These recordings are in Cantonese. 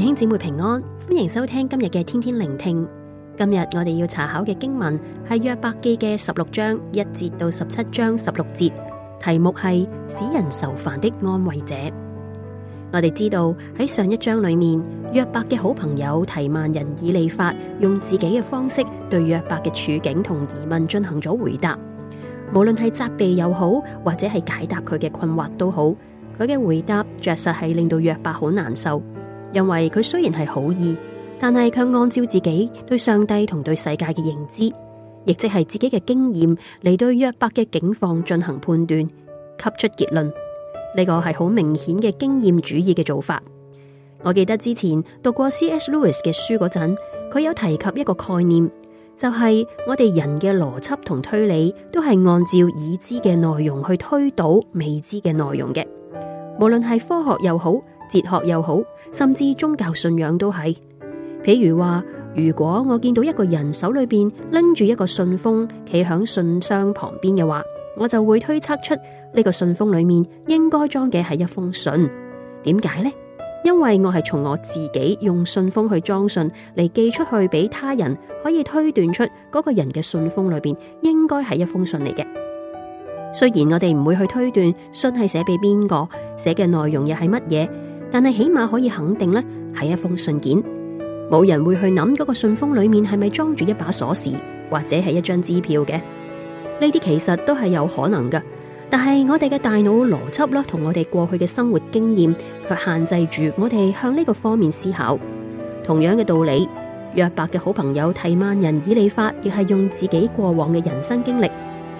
弟兄姊妹平安，歡迎收聽今日嘅天天聆聽。今日我哋要查考嘅經文係約伯記嘅十六章一節到十七章十六節，題目係使人愁煩的安慰者。我哋知道喺上一章裏面，約伯嘅好朋友提幔人以利法用自己嘅方式對約伯嘅處境同疑問進行咗回答，無論係責備又好，或者係解答佢嘅困惑都好，佢嘅回答着實係令到約伯好難受。因為佢雖然係好意，但係卻按照自己對上帝同對世界嘅認知，亦即係自己嘅經驗嚟對約伯嘅境況進行判斷，給出結論。呢個係好明顯嘅經驗主義嘅做法。我記得之前讀過 C.S. Lewis 嘅書嗰陣，佢有提及一個概念，就係、是、我哋人嘅邏輯同推理都係按照已知嘅內容去推導未知嘅內容嘅，無論係科學又好。哲學又好，甚至宗教信仰都係。譬如話，如果我見到一個人手裏邊拎住一個信封，企響信箱旁邊嘅話，我就會推測出呢個信封裏面應該裝嘅係一封信。點解呢？因為我係從我自己用信封去裝信嚟寄出去俾他人，可以推斷出嗰個人嘅信封裏邊應該係一封信嚟嘅。雖然我哋唔會去推斷信係寫俾邊個，寫嘅內容又係乜嘢。但係起碼可以肯定呢係一封信件，冇人會去諗嗰個信封裏面係咪裝住一把鎖匙，或者係一張支票嘅。呢啲其實都係有可能嘅，但係我哋嘅大腦邏輯啦，同我哋過去嘅生活經驗，佢限制住我哋向呢個方面思考。同樣嘅道理，約伯嘅好朋友提曼人以理法，亦係用自己過往嘅人生經歷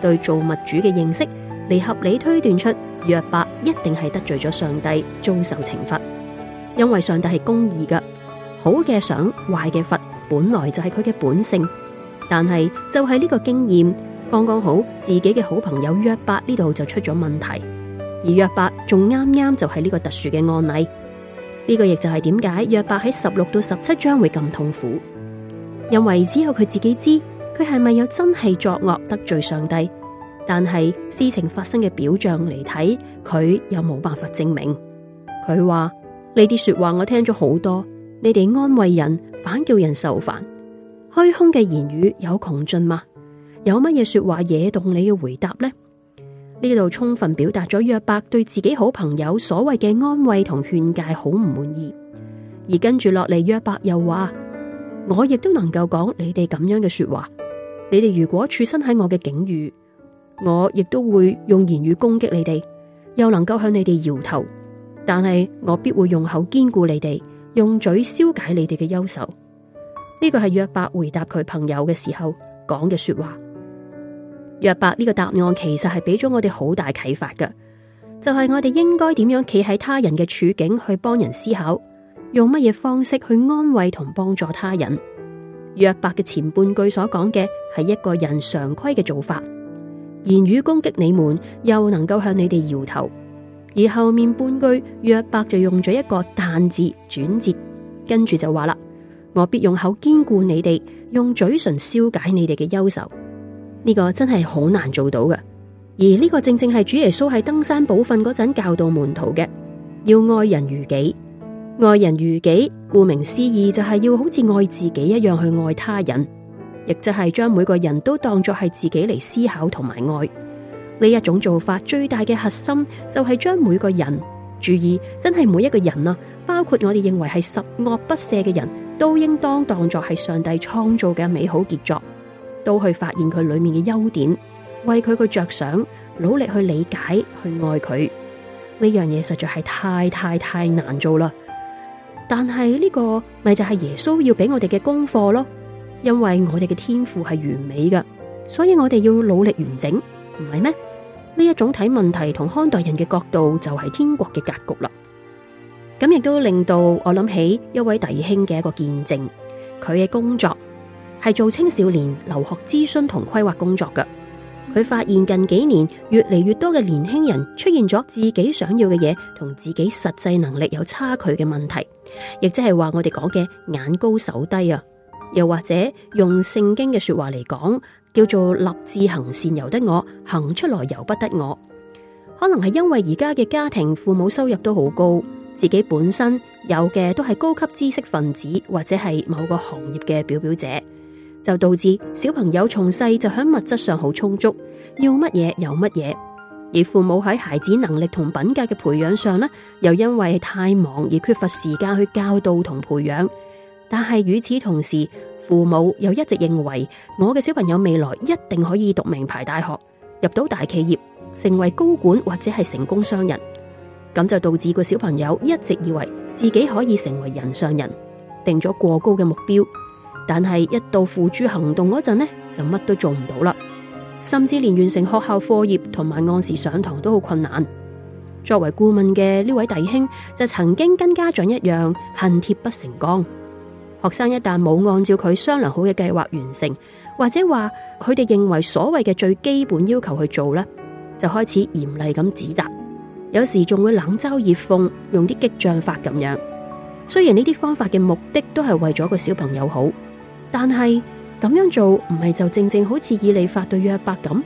對造物主嘅認識嚟，合理推斷出。約伯一定係得罪咗上帝，遭受懲罰，因為上帝係公義嘅，好嘅賞，壞嘅罰，本來就係佢嘅本性。但係就係呢個經驗，剛剛好自己嘅好朋友約伯呢度就出咗問題，而約伯仲啱啱就係呢個特殊嘅案例，呢、這個亦就係點解約伯喺十六到十七章會咁痛苦，因為只有佢自己知佢係咪有真係作惡得罪上帝。但係事情發生嘅表象嚟睇，佢又冇辦法證明。佢話你啲說話我聽咗好多，你哋安慰人，反叫人愁煩，虛空嘅言語有窮盡嗎？有乜嘢說話惹動你嘅回答呢？呢度充分表達咗約伯對自己好朋友所謂嘅安慰同勸誡好唔滿意。而跟住落嚟，約伯又話：我亦都能夠講你哋咁樣嘅說話。你哋如果處身喺我嘅境遇，我亦都會用言語攻擊你哋，又能夠向你哋搖頭，但係我必會用口堅固你哋，用嘴消解你哋嘅憂愁。呢、這個係約伯回答佢朋友嘅時候講嘅說話。約伯呢個答案其實係俾咗我哋好大啟發㗎，就係、是、我哋應該點樣企喺他人嘅處境去幫人思考，用乜嘢方式去安慰同幫助他人。約伯嘅前半句所講嘅係一個人常規嘅做法。言語攻擊你們，又能夠向你哋搖頭。而後面半句約伯就用咗一個但字轉折，跟住就話啦：我必用口堅固你哋，用嘴唇消解你哋嘅憂愁。呢個真係好難做到㗎。而呢個正正係主耶穌喺登山寶訓嗰陣教導門徒嘅，要愛人如己。愛人如己，顧名思義就係要好似愛自己一樣去愛他人。亦即係將每個人都當作係自己嚟思考同埋愛。呢一種做法，最大嘅核心就係將每個人，注意，真係每一個人啊，包括我哋認為係十惡不赦嘅人都應當當作係上帝創造嘅美好傑作，都去發現佢裏面嘅優點，為佢嘅着想，努力去理解去愛佢呢樣嘢，實在係太太太難做啦。但係呢個咪就係耶穌要俾我哋嘅功課咯。因為我哋嘅天父係完美噶，所以我哋要努力完整，唔係咩？呢一種睇問題同看待人嘅角度就係天國嘅格局啦。咁亦都令到我諗起一位弟兄嘅一個見證，佢嘅工作係做青少年留學諮詢同規劃工作嘅。佢發現近幾年越嚟越多嘅年輕人出現咗自己想要嘅嘢同自己實際能力有差距嘅問題，亦即係話我哋講嘅眼高手低啊。又或者用聖經嘅說話嚟講，叫做立志行善由得我，行出來由不得我。可能係因為而家嘅家庭，父母收入都好高，自己本身有嘅都係高級知識分子，或者係某個行業嘅表表者，就導致小朋友從細就喺物質上好充足，要乜嘢有乜嘢。而父母喺孩子能力同品格嘅培養上咧，又因為太忙而缺乏時間去教導同培養。但係與此同時，父母又一直認為我嘅小朋友未來一定可以讀名牌大學，入到大企業，成為高管或者係成功商人，咁就導致個小朋友一直以為自己可以成為人上人，定咗過高嘅目標。但係一到付諸行動嗰陣呢，就乜都做唔到啦，甚至連完成學校課業同埋按時上堂都好困難。作為顧問嘅呢位弟兄，就曾經跟家長一樣恨鐵不成鋼。學生一旦冇按照佢商量好嘅計劃完成，或者話佢哋認為所謂嘅最基本要求去做呢，就開始嚴厲咁指責，有時仲會冷嘲熱諷，用啲激將法咁樣。雖然呢啲方法嘅目的都係為咗個小朋友好，但係咁樣做唔係就正正好似以利法對約伯咁，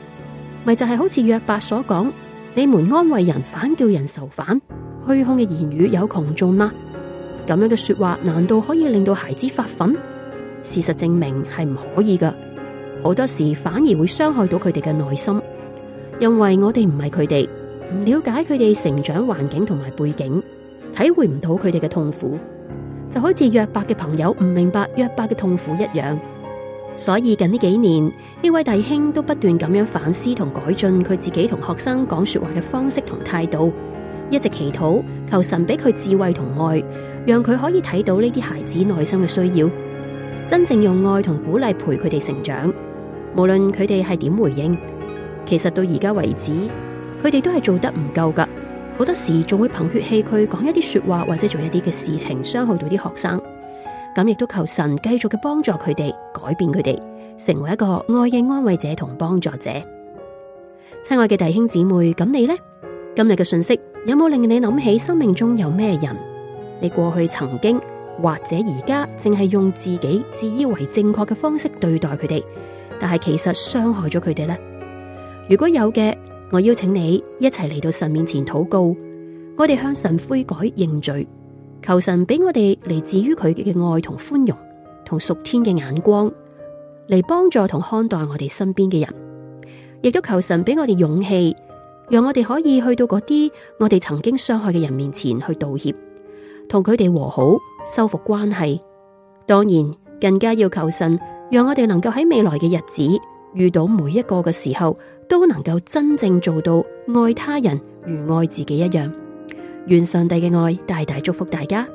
咪就係、是、好似約伯所講：你們安慰人，反叫人愁煩，虛空嘅言語有窮盡嗎？咁樣嘅說話，難道可以令到孩子發奮？事實證明係唔可以噶，好多時反而會傷害到佢哋嘅內心，因為我哋唔係佢哋，唔了解佢哋成長環境同埋背景，體會唔到佢哋嘅痛苦，就好似約伯嘅朋友唔明白約伯嘅痛苦一樣。所以近呢幾年，呢位弟兄都不斷咁樣反思同改進佢自己同學生講說話嘅方式同態度。一直祈禱求神俾佢智慧同愛，讓佢可以睇到呢啲孩子內心嘅需要，真正用愛同鼓勵陪佢哋成長。無論佢哋係點回應，其實到而家為止，佢哋都係做得唔夠噶。好多時仲會憑血氣去講一啲說話或者做一啲嘅事情，傷害到啲學生。咁亦都求神繼續嘅幫助佢哋，改變佢哋，成為一個愛嘅安慰者同幫助者。親愛嘅弟兄姊妹，咁你呢？今日嘅信息？有冇令你諗起生命中有咩人？你過去曾經或者而家淨係用自己自以為正確嘅方式對待佢哋，但係其實傷害咗佢哋呢？如果有嘅，我邀請你一齊嚟到神面前禱告，我哋向神悔改認罪，求神俾我哋嚟自於佢嘅愛同寬容，同屬天嘅眼光嚟幫助同看待我哋身邊嘅人，亦都求神俾我哋勇氣。讓我哋可以去到嗰啲我哋曾經傷害嘅人面前去道歉，同佢哋和好，修復關係。當然，更加要求神，讓我哋能夠喺未來嘅日子遇到每一個嘅時候，都能夠真正做到愛他人如愛自己一樣。願上帝嘅愛大大祝福大家。